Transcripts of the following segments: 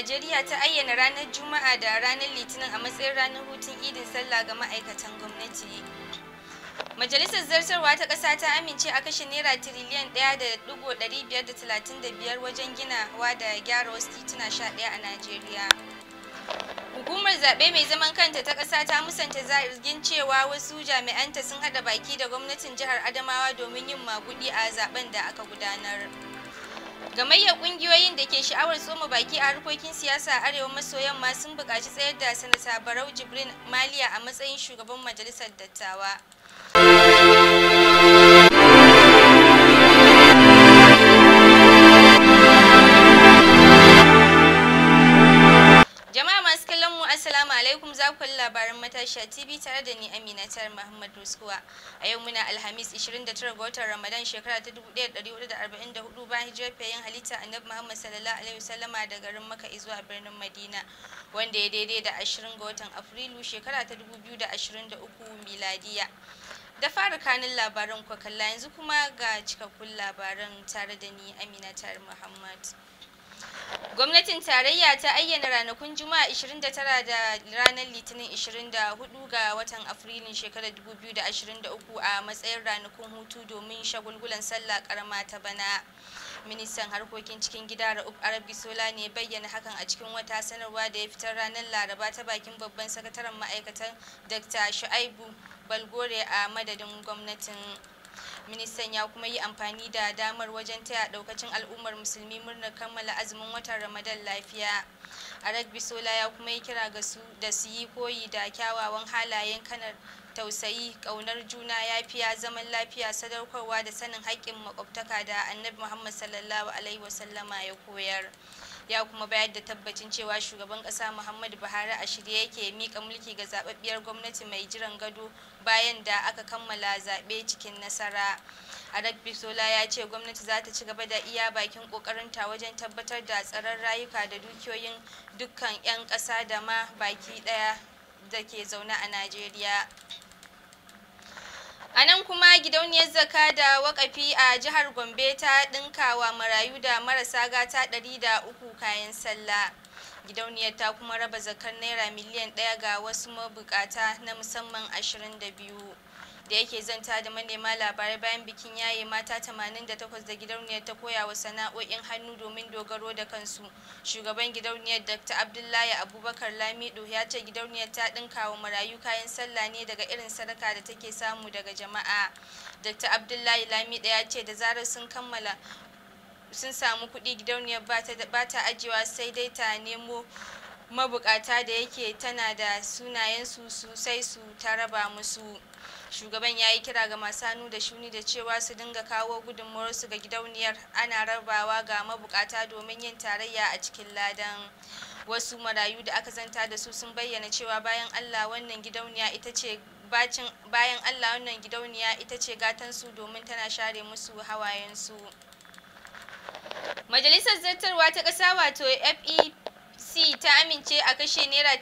Najeriya ta ayyana ranar Juma'a da ranar Litinin a matsayin ranar hutun idin sallah ga ma'aikatan gwamnati. Majalisar Zartarwa ta ƙasa ta amince a kashe Naira tiriliyan ɗaya da ɗigo ɗari biyar da talatin da biyar wajen ginawa da gyara wasu tituna sha ɗaya a Najeriya. Hukumar zaɓe mai zaman kanta ta ƙasa ta musanta zargin cewa wasu jami'anta sun haɗa baki da gwamnatin jihar Adamawa domin yin maguɗi a zaɓen da aka gudanar. gamayyar kungiyoyin da ke sha'awar tsoma baki a harkokin siyasa a arewa maso yamma sun buƙaci tsayar da sanata barau jibrin maliya a matsayin shugaban majalisar dattawa Assalamu alaikum za ku labaran matashiya TV tare da ni Amina Tar Muhammad Ruskuwa. A yau muna Alhamis 29 ga watan Ramadan shekara ta 1444 bayan hijirar fayin halitta Annabi Muhammad sallallahu alaihi wasallama da garin Makka zuwa birnin Madina wanda ya daidai da 20 ga watan Afrilu shekara ta 2023 miladiya. Da fara kanin labaran ku kalla yanzu kuma ga cikakkun labaran tare da ni Amina Tar Muhammad. Gwamnatin tarayya ta ayyana ranakun Juma'a 29 da ranar Litinin 24 ga watan Afrilun shekarar 2023 a matsayin ranakun hutu domin shagulgulan sallah karama ta bana. Ministan harkokin cikin gida Ra'ub Arabisola ne bayyana hakan a cikin wata sanarwa da ya fitar ranar Laraba ta bakin babban sakataren ma'aikatan Dr. Shu'aibu Balgore a madadin gwamnatin ministan ya kuma yi amfani da damar wajen taya daukacin al'ummar musulmi murnar kammala azumin watan ramadan lafiya a rugby sola ya kuma yi kira ga su da su yi koyi da kyawawan halayen kanar tausayi kaunar juna yafiya zaman lafiya sadaukarwa da sanin haƙƙin makwabtaka da annabi muhammad sallallahu alaihi wasallama ya koyar ya kuma bayar da tabbacin cewa shugaban kasa muhammadu buhari a shirye yake mika mulki ga zababbiyar gwamnati mai jiran gado bayan da aka kammala zaɓe cikin nasara arak bisola ya ce gwamnati za ta ci gaba da iya bakin ƙoƙarinta wajen tabbatar da tsaron rayuka da dukiyoyin dukkan 'yan ƙasa da ma baki ɗaya da ke zaune a najeriya a kuma gidauniyar zaka da wakafi a jihar Gombe ta ɗinkawa marayu da marasa gata ɗari da uku kayan sallah. Gidauniyar ta kuma raba zakar naira miliyan ɗaya ga wasu mabukata na musamman ashirin da biyu. da yake zanta da manema labarai bayan bikin yaye mata 88 da gidauniyar ta koya wa sana'o'in hannu domin dogaro da kansu shugaban gidauniyar dr abdullahi abubakar lamido ya ce gidauniyar ta dinka wa marayu kayan sallah ne daga irin sadaka da take samu daga jama'a dr abdullahi lamido ya ce da zarar sun kammala sun samu kuɗi gidauniyar ba ta ajiyewa sai dai ta nemo mabukata da yake tana da sunayensu sosai su ta raba musu shugaban ya yi kira ga masanu da shuni da cewa su dinga kawo gudunmawarsu ga gidauniyar ana rabawa ga mabukata domin yin tarayya a cikin ladan wasu marayu da aka zanta da su sun bayyana cewa bayan allah wannan gidauniya ita ce bayan allah wannan gidauniya ita ce gatansu domin tana share musu hawayensu majalisar zartarwa ta kasa wato fep si ta amince a kashe naira da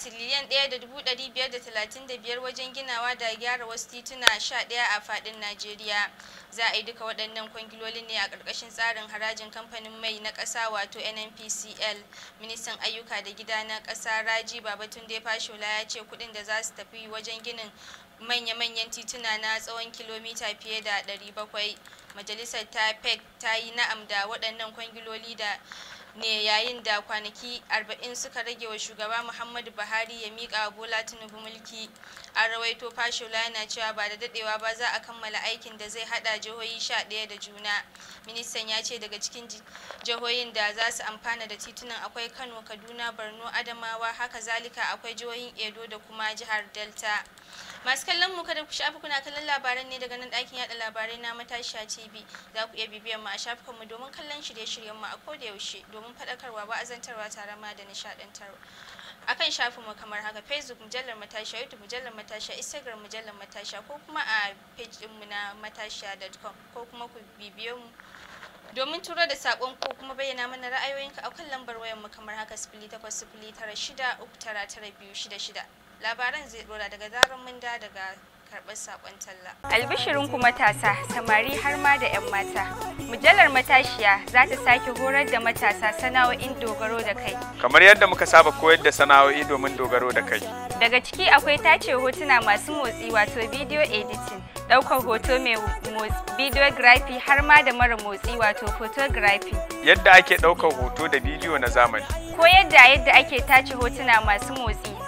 da biyar tiliyan biyar wajen ginawa da gyara wasu tituna sha ɗaya a fadin Najeriya. Za a yi duka waɗannan kwangiloli ne a ƙarƙashin tsarin harajin kamfanin mai na ƙasa wato NNPCL. Ministan ayyuka da gida na ƙasa Raji Babatunde Fashola ya ce kuɗin da za su tafi wajen ginin manya-manyan tituna na tsawon kilomita fiye da 700. Majalisar ta e ta yi na'am da waɗannan kwangiloli da ne yayin da kwanaki 40 suka rage wa shugaba muhammadu buhari ya miƙa wa bola tinubu mulki a rawaito fashola yana cewa ba da dadewa ba za a kammala aikin da zai hada jihohi 11 da juna ministan ya ce daga cikin jihohin da za su amfana da titunan akwai kano kaduna borno adamawa haka zalika akwai jihohin edo da kuma jihar delta masu kallon mu kada ku shafi kuna kallon labaran ne daga nan ɗakin yada labarai na matashiya tv za ku iya bibiyan mu a shafukan mu domin kallon shirye-shiryen mu a da yaushe domin faɗakarwa wa'azantarwa tare ma da a kan shafin mu kamar haka facebook mujallar matashiya youtube mujallar matashiya instagram mujallar matashiya ko kuma a page ɗin mu na matashiya.com ko kuma ku bibiyo mu domin turo da sakon ko kuma bayyana mana ra'ayoyinka a kan lambar wayar mu kamar haka tara shida uku tara tara biyu shida shida labaran zai dora daga zarar mun daga karɓar sakon talla. Albishirin ku matasa, samari har ma da 'yan mata. Mujallar matashiya za ta sake horar da matasa sana'o'in dogaro da kai. Kamar yadda muka saba koyar da sana'o'i domin dogaro da kai. Daga ciki akwai tace hotuna masu motsi wato video editing, ɗaukar hoto mai videography har ma da mara motsi wato photography. Yadda ake ɗaukar hoto da bidiyo na zamani. Ko yadda yadda ake tace hotuna masu motsi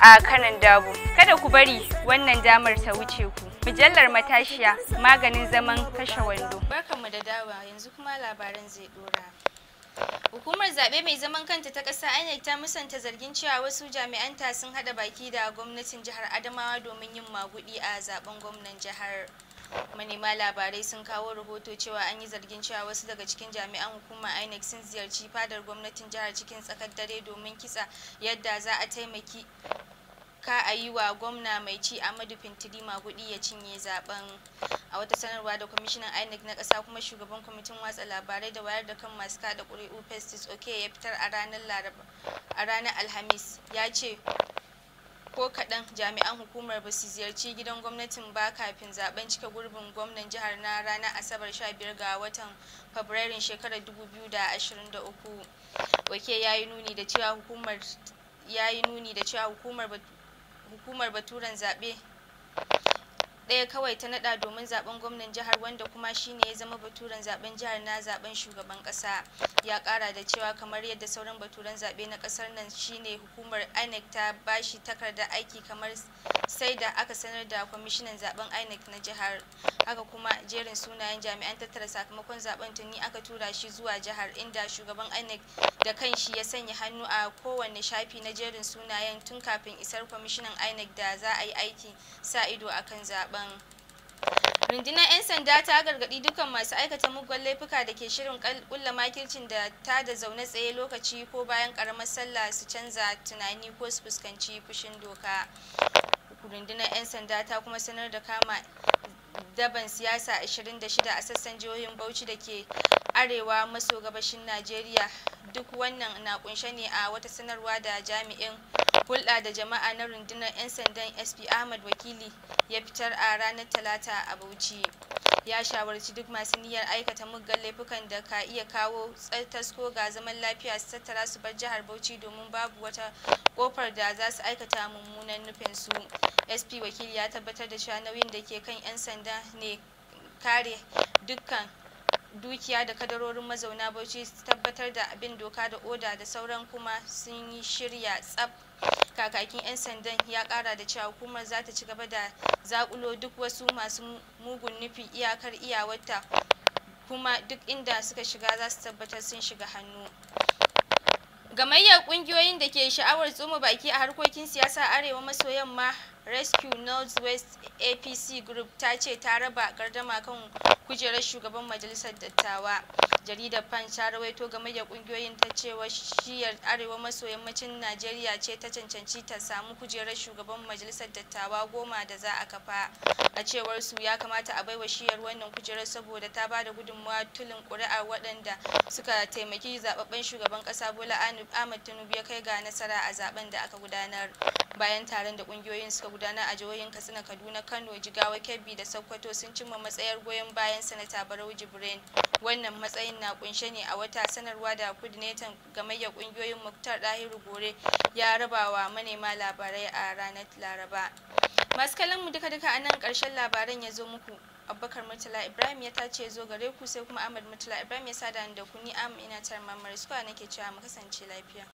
a kanan dabo kada ku bari wannan damar ta wuce ku mujallar matashiya maganin zaman kashe wando barkanmu da dawa yanzu kuma labaran zai dora Hukumar zaɓe mai zaman kanta ta ƙasa INEC ta musanta zargin cewa wasu jami'anta sun haɗa baki da gwamnatin jihar Adamawa domin yin maguɗi a zaben gwamnan jihar. manema labarai sun kawo rahoto cewa an yi zargin cewa wasu daga cikin jami'an hukumar inec sun ziyarci fadar gwamnatin jihar cikin tsakar dare domin kitsa yadda za a taimaki ka a yi wa gwamna mai ci amadu fintiri magudi ya cinye zaben a wata sanarwa da kwamishinan inec na ƙasa kuma shugaban kwamitin watsa labarai da wayar da kan masu kada kuri'u festus oke ya fitar a ranar alhamis ya ce ko kaɗan jami'an hukumar ba su ziyarci gidan gwamnatin ba kafin zaben cika gurbin gwamnan jihar na ranar asabar sha biyar ga watan fabrairun shekarar 2023 wake ya yi nuni da cewa hukumar ya yi nuni da cewa hukumar baturen zaɓe ɗaya kawai ta naɗa domin zaben gwamnan jihar wanda kuma shine ya zama baturen zaben jihar na zaɓen shugaban ƙasa ya kara da cewa kamar yadda sauran baturan zaɓe na ƙasar nan shine hukumar inec ta bashi takardar aiki kamar sai da aka sanar da kwamishinan zaben inec na jihar haka kuma jerin sunayen jami'an tattara sakamakon zaben tuni aka tura shi zuwa jihar inda shugaban inec da kanshi ya sanya hannu a kowane shafi na jerin sunayen tun kafin isar kwamishinan inec da za a yi aiki sa ido akan zaben rundunar 'yan sanda ta gargaɗi dukkan masu aikata mugun laifuka da ke shirin kulla makircin da ta da zaune tsaye lokaci ko bayan karamar sallah su canza tunani ko su fuskanci fushin doka rundunar 'yan sanda ta kuma sanar da kama daban siyasa 26 a sassan jihohin bauchi da ke arewa maso gabashin najeriya duk wannan na kunshe ne a wata sanarwa da jami'in hulɗa da jama'a na rundunar 'yan sandan sp ahmad wakili ya fitar a ranar talata a bauchi ya shawarci duk masu niyyar aikata muggan laifukan da ka iya kawo ko ga zaman lafiya su tattara su bar jihar bauchi domin babu wata kofar da za su aikata mummunan nufin su sp wakili ya tabbatar da cewa nauyin da ke kan 'yan sanda ne kare dukkan dukiya da kadarorin mazauna bauchi tabbatar da abin doka da oda da sauran kuma sun yi shirya tsab kakakin 'yan sandan ya kara da cewa hukumar za ta ci gaba da zakulo duk wasu masu mugun nufi iyakar iyawarta kuma duk inda suka shiga za su tabbatar sun shiga hannu gamayyar kungiyoyin da ke sha'awar tsoma baki a harkokin siyasa arewa maso yamma rescue northwest apc group ta ce ta raba gardama kan kujerar shugaban majalisar dattawa jaridar pan ta rawaito game da kungiyoyin ta cewa shiyar arewa maso yammacin najeriya ce ta cancanci ta samu kujerar shugaban majalisar dattawa goma da za a kafa a cewar su ya kamata a baiwa shiyar wannan kujerar saboda ta ba da gudunmawa tulin ƙuri'a waɗanda suka taimaki zababben shugaban ƙasa bola ahmad tinubu ya kai ga nasara a zaben da aka gudanar bayan taron da kungiyoyin suka gudana a jihohin katsina kaduna kano jigawa kebbi da sokoto sun cimma matsayar goyon bayan sanata barau jibrin wannan matsayin na kunshe ne a wata sanarwa da kudinetan gamayyar kungiyoyin muktar dahiru gore ya rabawa manema labarai a ranar laraba masu kallon mu duka duka a nan karshen labaran ya zo muku abubakar murtala ibrahim ya tace zo gare ku sai kuma ahmad murtala ibrahim ya sada da ku ni am ina tarmamar suwa nake cewa mu kasance lafiya